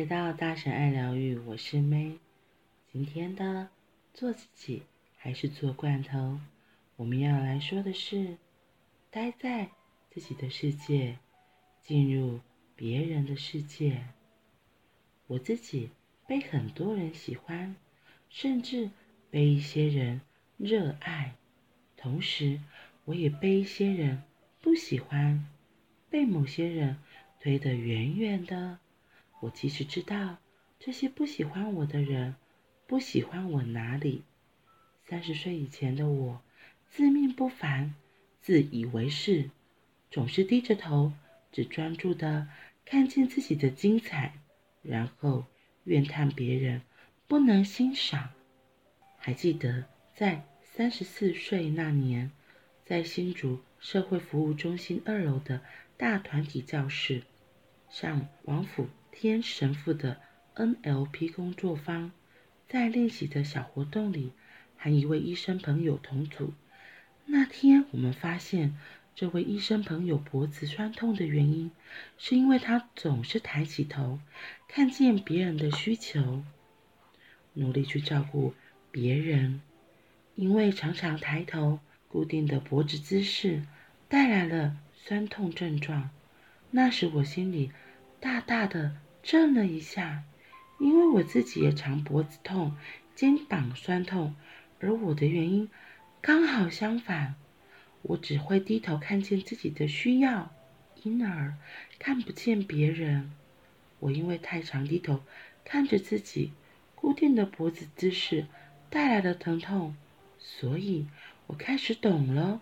知道大神愛療癒，我是梅。今天的做自己還是做罐頭？我們要來說的是，待在自己的世界，進入別人的世界。我自己被很多人喜歡，甚至被一些人熱愛，同時我也被一些人不喜歡，被某些人推得遠遠的。我其實知道，這些不喜歡我的人，不喜歡我哪裡？三十歲以前的我，自命不凡，自以為是，總是低着頭，只專注的看見自己的精彩，然後怨嘆別人不能欣賞。還記得在三十四歲那年，在新竹社會服務中心二樓的大團體教室上王府。天神父的 NLP 工作坊，在練習的小活動裡，和一位醫生朋友同組。那天，我們發現這位醫生朋友脖子酸痛的原因，是因為他總是抬起頭，看見別人的需求，努力去照顧別人。因為常常抬頭，固定的脖子姿勢帶來了酸痛症狀。那時我心裡。大大的震了一下，因為我自己也常脖子痛、肩膀痠痛，而我的原因剛好相反，我只會低頭看見自己的需要，因而看不見別人。我因為太常低頭，看着自己固定的脖子姿勢帶來的疼痛，所以我開始懂了，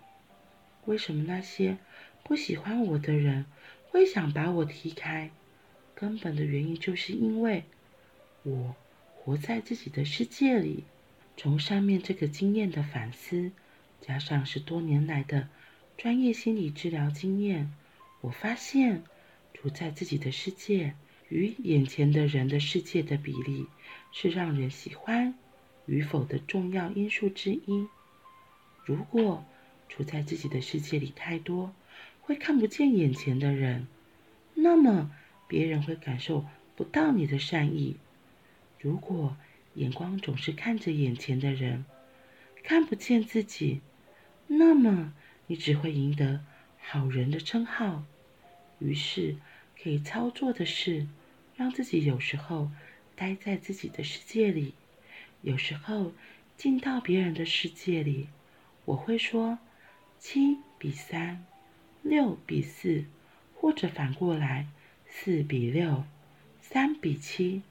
為什麼那些不喜歡我的人會想把我踢開。根本的原因就是因為，我活在自己的世界裡。從上面這個經驗的反思，加上十多年來的專業心理治療經驗，我發現，處在自己的世界與眼前的人的世界的比例，是讓人喜歡與否的重要因素之一。如果處在自己的世界裡太多，會看不見眼前的人，那麼。別人會感受不到你的善意。如果眼光總是看着眼前的人，看不見自己，那麼你只會贏得好人的稱號。於是，可以操作的是，讓自己有時候待在自己的世界裡，有時候進到別人的世界裡。我會說七比三，六比四，或者反過來。四比六，三比七，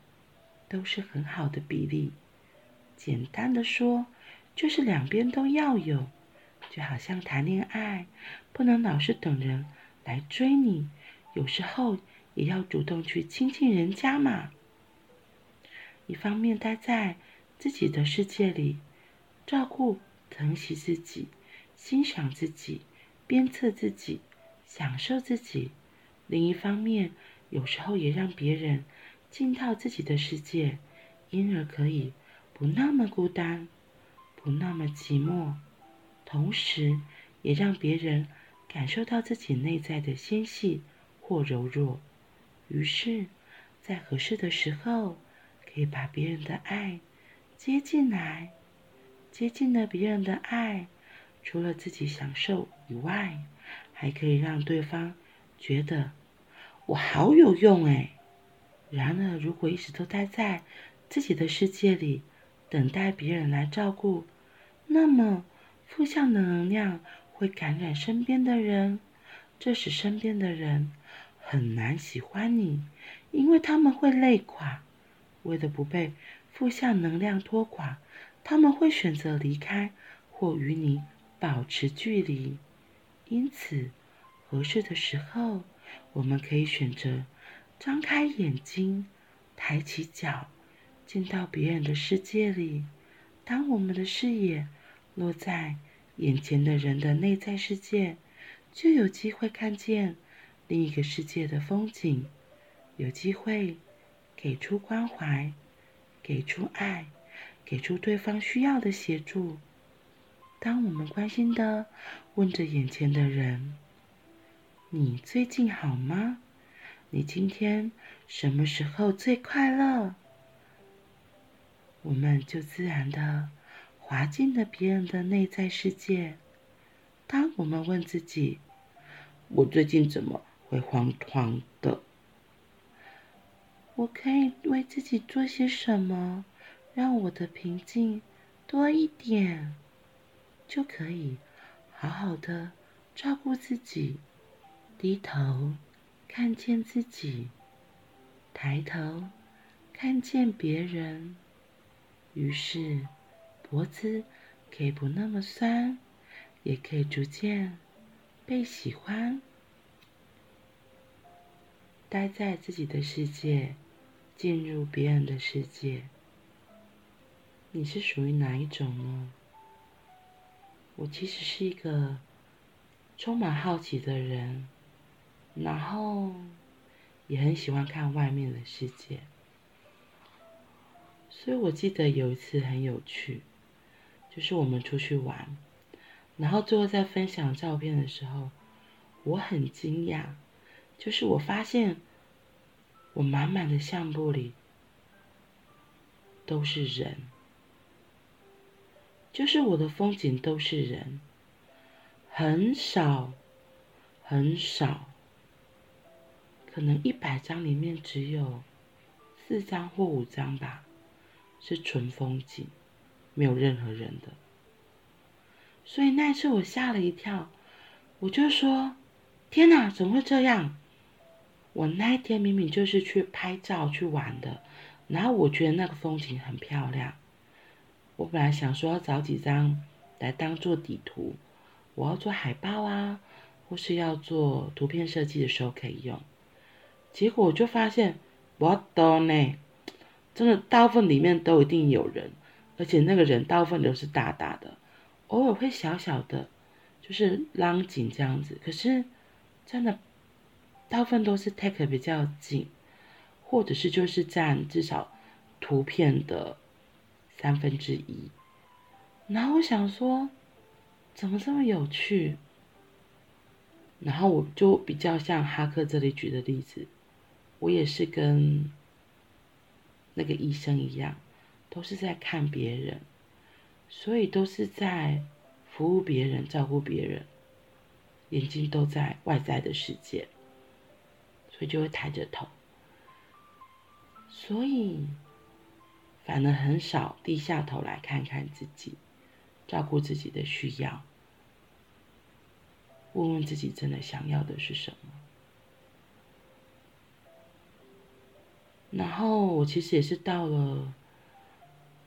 都是很好的比例。簡單的說，就是兩邊都要有。就好像談戀愛，不能老是等人來追你，有時候也要主動去親近人家嘛。一方面待在自己的世界裡，照顧、疼惜自己，欣賞自己，鞭策自己，享受自己。另一方面，有時候也讓別人進到自己的世界，因而可以不那麼孤單，不那麼寂寞。同時，也讓別人感受到自己內在的纖細或柔弱。於是，在合適的時候，可以把別人的愛接進來。接近了別人的愛，除了自己享受以外，還可以讓對方覺得。我好有用哎！然而，如果一直都待在自己的世界裡，等待別人來照顧，那麼負向的能量會感染身邊的人，這使身邊的人很難喜歡你，因為他們會累垮。為了不被負向能量拖垮，他們會選擇離開或與你保持距離。因此，合適的時候。我們可以選擇張開眼睛，抬起腳，進到別人的世界裡。當我們的視野落在眼前的人的內在世界，就有機會看見另一個世界的風景，有機會給出關懷，給出愛，給出對方需要的協助。當我們關心的問着眼前的人。你最近好嗎？你今天什麼時候最快樂？我們就自然的滑進了別人的內在世界。當我們問自己：“我最近怎麼會慌慌的？”我可以為自己做些什麼，讓我的平靜多一點，就可以好好的照顧自己。低頭看見自己，抬頭看見別人。於是脖子可以不那麼酸，也可以逐漸被喜歡。待在自己的世界，進入別人的世界。你是屬於哪一種呢？我其實是一個充滿好奇的人。然後也很喜歡看外面的世界，所以我記得有一次很有趣，就是我們出去玩，然後最後在分享照片的時候，我很驚訝，就是我發現我滿滿的相簿裡都是人，就是我的風景都是人，很少，很少。可能一百張裡面只有四張或五張吧，是純風景，沒有任何人的。所以那一次我嚇了一跳，我就說：“天哪，怎麼會這樣？我那一天明明就是去拍照去玩的，然後我覺得那個風景很漂亮。我本來想說要找幾張來當做底圖，我要做海報啊，或是要做圖片設計的時候可以用。”結果我就發現，我到呢，真的大部分裡面都一定有人，而且那個人大部分都是大大的，偶爾會小小的，就是拉近，這樣子。可是真的，大部分都是 take 比較近，或者是就是佔至少圖片的三分之一。然後我想說，怎麼這麼有趣？然後我就比較像哈克這裡舉的例子。我也是跟那個醫生一樣，都是在看別人，所以都是在服務別人、照顧別人，眼睛都在外在的世界，所以就會抬着頭，所以反而很少低下頭來看看自己，照顧自己的需要，問問自己真的想要的是什麼。然後我其實也是到了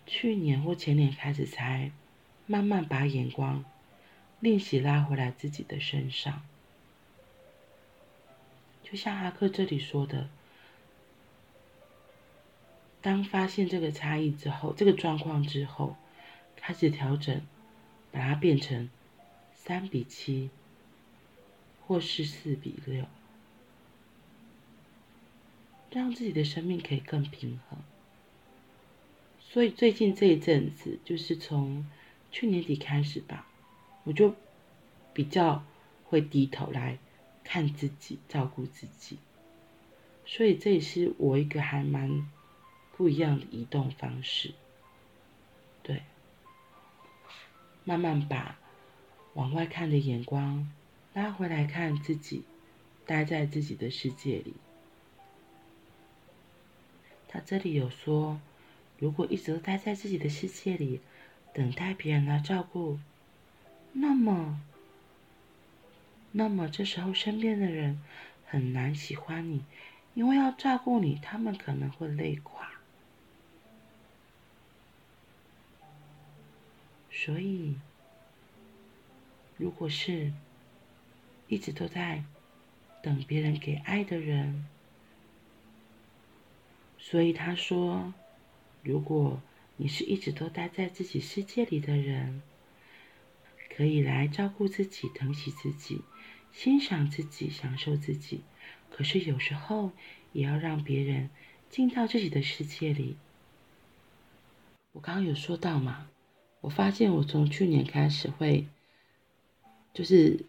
去年或前年開始，才慢慢把眼光、練習拉回來自己的身上。就像哈克這裡說的，當發現這個差異之後，這個狀況之後，開始調整，把它變成三比七，或是四比六。讓自己的生命可以更平衡。所以最近這一陣子，就是從去年底開始吧，我就比較會低頭來看自己，照顧自己。所以這也是我一個還蠻不一樣的移動方式，對，慢慢把往外看的眼光拉回來看自己，待在自己的世界裡。他這裡有說，如果一直都待在自己的世界裡，等待別人來照顧，那麼，那麼這時候身邊的人很難喜歡你，因為要照顧你，他們可能會累垮。所以，如果是一直都在等別人給愛的人，所以他說：“如果你是一直都待在自己世界裡的人，可以來照顧自己、疼惜自己、欣賞自己、享受自己。可是有時候也要讓別人進到自己的世界裡。”我剛剛有說到嘛？我發現我從去年開始會，就是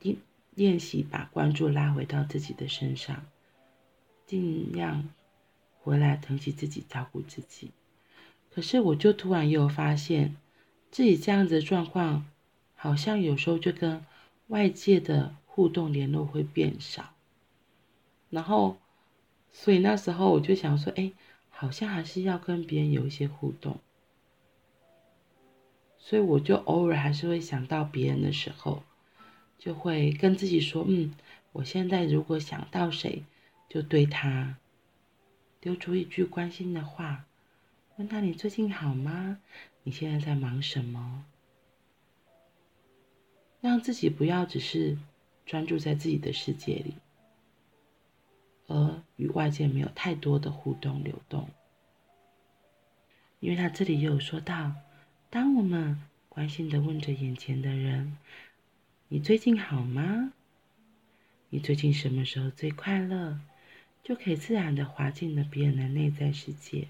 練練習把關注拉回到自己的身上，盡量。回來疼惜自己，照顧自己。可是我就突然又有發現，自己這樣子的狀況，好像有時候就跟外界的互動聯絡會變少。然後，所以那時候我就想說，哎、欸，好像還是要跟別人有一些互動。所以我就偶爾還是會想到別人的時候，就會跟自己說，嗯，我現在如果想到誰，就對他。丟出一句關心的話，問他，你最近好嗎？你現在在忙什麼？讓自己不要只是專注在自己的世界裡，而與外界沒有太多的互動流動。因為他這裡也有說到，當我們關心地問着眼前的人，你最近好嗎？你最近什麼時候最快樂？就可以自然的滑進了別人的內在世界。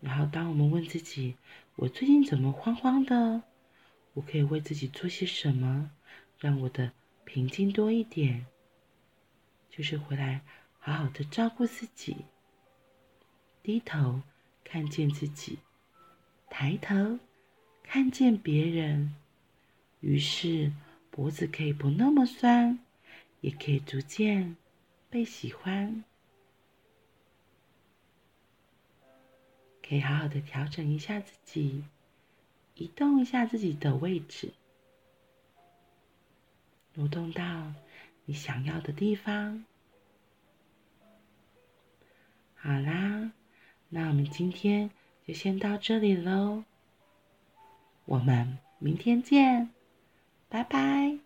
然後，當我們問自己：“我最近怎麼慌慌的？”我可以為自己做些什麼，讓我的平靜多一點？就是回來好好的照顧自己，低頭看見自己，抬頭看見別人。於是脖子可以不那麼酸。也可以逐漸被喜歡，可以好好的調整一下自己，移動一下自己的位置，挪動到你想要的地方。好啦，那我們今天就先到這裡囉。我們明天見，拜拜。